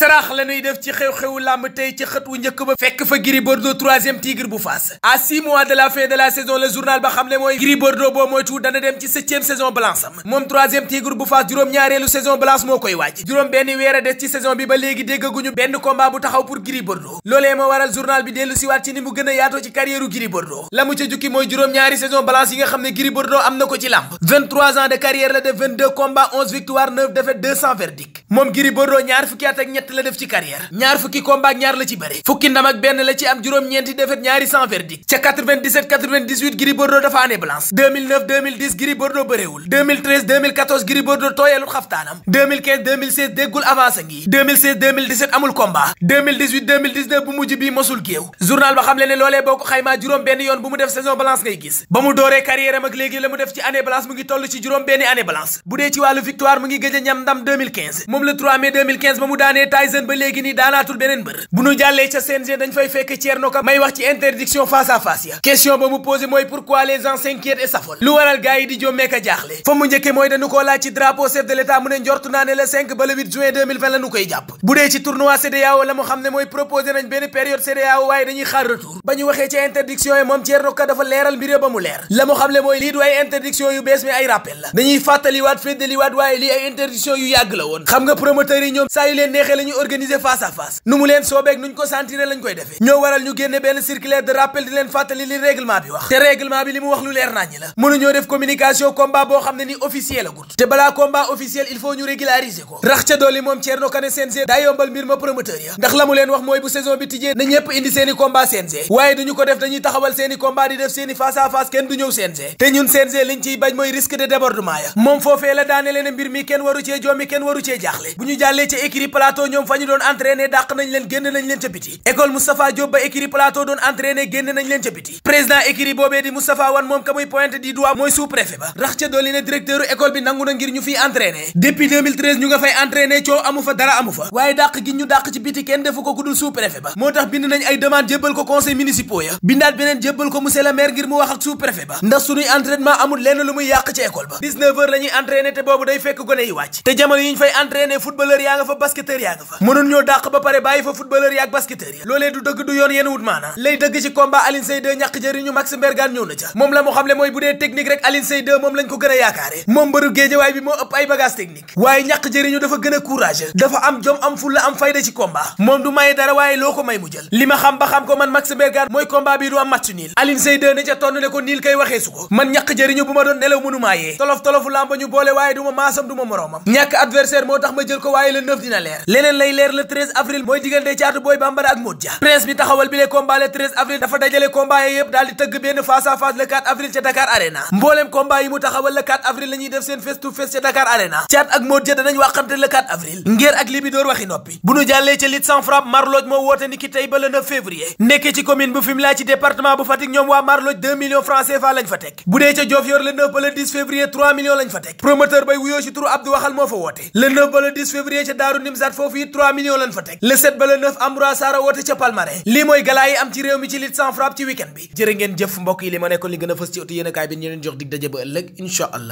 sarax la ñuy def ci xew-xewu làmb tey ci xët wu njëkk ba fekk fa Gris Bordeaux troisième tigre bu Fass à six mois de la fin de la saison le journal ba xam ne mooy Gris Bordeaux boo moytu dana dem ci septième saison blanche am moom troisième tigre bu Fass juróom-ñaareelu saison blanche moo koy waaj juróom benn weer a des ci saison bi ba léegi déggaguñu benn combat bu taxaw pour Gris Bordeaux loolee moo waral journal bi dellu siwaat ci ni mu gën a yaatoo ci carrière u Gris Bordeaux la mooy juróom-ñaari saison blanche yi nga xam ne Gris Bordeaux am na ko ci làmb 23 ans de carrière la def moom Gris Bordeaux ñaar fukki at ak ñett la def ci carrière ñaar fukki combat ñaar la ci bëre fukki ndam ak benn la ci am juróom-ñeenti defet ñaari sans verdict ca 97 Bordeaux dafa année blanche 2009 2010 Gris Bordeaux bëreewul 2013 2014 Bordeaux tooyeelul xaftaanam 2015 2016 déggul avancé ngi 2016 2017 amul combat 2018 2019 bu mujj bii mosul géew journal ba xam le ne loolee boo ko xaymaa juróom benn yoon bu mu def saison blanche bu dee ci wàllu victoire mu ngi gëj a moom mu daanee Tyson ba léegi nii daanaatul beneen mbër bu nu jàllee ca CNG dañ fay fekk Thierno Ka may wax ci interdiction face à ya question ba mu posé mooy pourquoi les gens s'inquiètent et s'affolent lu waral gars di jommeek a jaaxle fa mu njëkke mooy dañu koo laaj ci drapeau chef de l'état mu ne njortu naa ne le 5 juin 2020 koy jàpp bu dee ci tournoi CEDEAO la mu xam ne mooy proposé nañ benn période CEDEAO waaye dañuy xaar retour ba ñu waxee nga promoteurs yi ñoom saa yu leen neexee la ñuy organiser face à face nu mu leen soobeeg nu ñu ko sentiré lañ koy defe ñoo waral ñu génne benn circulaire de rappel di leen fàttali li règlement bi wax te règlement bi li mu wax lu leer naññi la mënuñoo def communication combat boo xam ne ni officiel la gut te balaa combat officiel il faut ñu régulariser ko rax ca dolli moom Thierno Kane CNG daa yombal mbir ma promoteur ya ndax la mu leen wax mooy bu saison bi tijjee seeni combat CNG waaye duñu ko def seeni combat di def seeni face à face kenn te ñun CNG liñ ciy bañ mooy risque de débordement ya moom foofee la daane leen mbir waru cee jommi kenn waru cee jaax jaaxle bu ñu jàllee ca écurie plateau ñoom fa ñu doon entraîné dàq nañ leen génn nañ leen ca biti école Moustapha Diop ba écurie plateau doon entraîné génn nañ leen ca biti président écurie boobee di Moustapha Wan moom ka muy pointe di doigt mooy sous préfet ba rax ca dolli ne directeur école bi nangu na ngir ñu fiy entraîné depuis ñu nga fay entraîné coow amu fa dara amu fa waaye dàq gi ñu dàq ci biti kenn defu ko ku dul sous préfet ba moo tax bind nañ ay demande dee ne footballeur yaa nga fa basketteur yaa nga fa mënun ñoo dàq ba pare bàyyi fa footballeur yaak basketteur ya loolee du dëgg du yoon yéen wut maana lay dëgg ci combat Alioune Seye 2 ñàkk jëriñu Max Mbergane ñëw na ca moom la mu xam le mooy bu dee technique rek Alioune Seye 2 moom lañ ko gën a yaakaare moom mbëru géejawaay bi moo ëpp ay bagage technique waaye ñàkk jëriñu dafa gën a courageux dafa am jom am fulla am fayda ci combat moom du maye dara waaye loo ko may mu jël li ma xam ba xam ko man Max Mbergane mooy combat bi du am match niil Alioune Seye 2 ne ca tonn ne ko niil kay waxee su ko man ñàkk jëriñu bu ma doon nelaw mënumaayee tolof tolofu làmb ñu boole waaye du ma maasam du ma moroomam ñàkk adversaire moo tax tax leneen lay leer le 13 avril mooy diggante caatu booy bambara ak Modou Dia presse bi taxawal bi le combat avril dafa dajale combat yi yëpp di tëgg benn face à face le avril ca Dakar Arena mbooleem combat yi mu taxawal le 4 avril la def seen face to face ca Dakar Arena caat ak Modou Dia danañ waxante le 4 avril ngeer ak libidoor waxi noppi bu nu jàllee ca lit sans frappe marlooj moo woote ni ki tey ba le 9 février nekkee ci ba le 10 ca daaru nimsat foofu it 3 millions lan fa teg le 7 ba le 9 Ambroise Sarr woote ca Palmarin lii mooy galaa yi am ci réew mi ci lit sans frappe ci week bi jërë ngeen jëf mbokk yi li ma nekkoon li gën a fës ci ëttu yéenekaay bi ñu leen jox dig daje ba ëllëg incha allah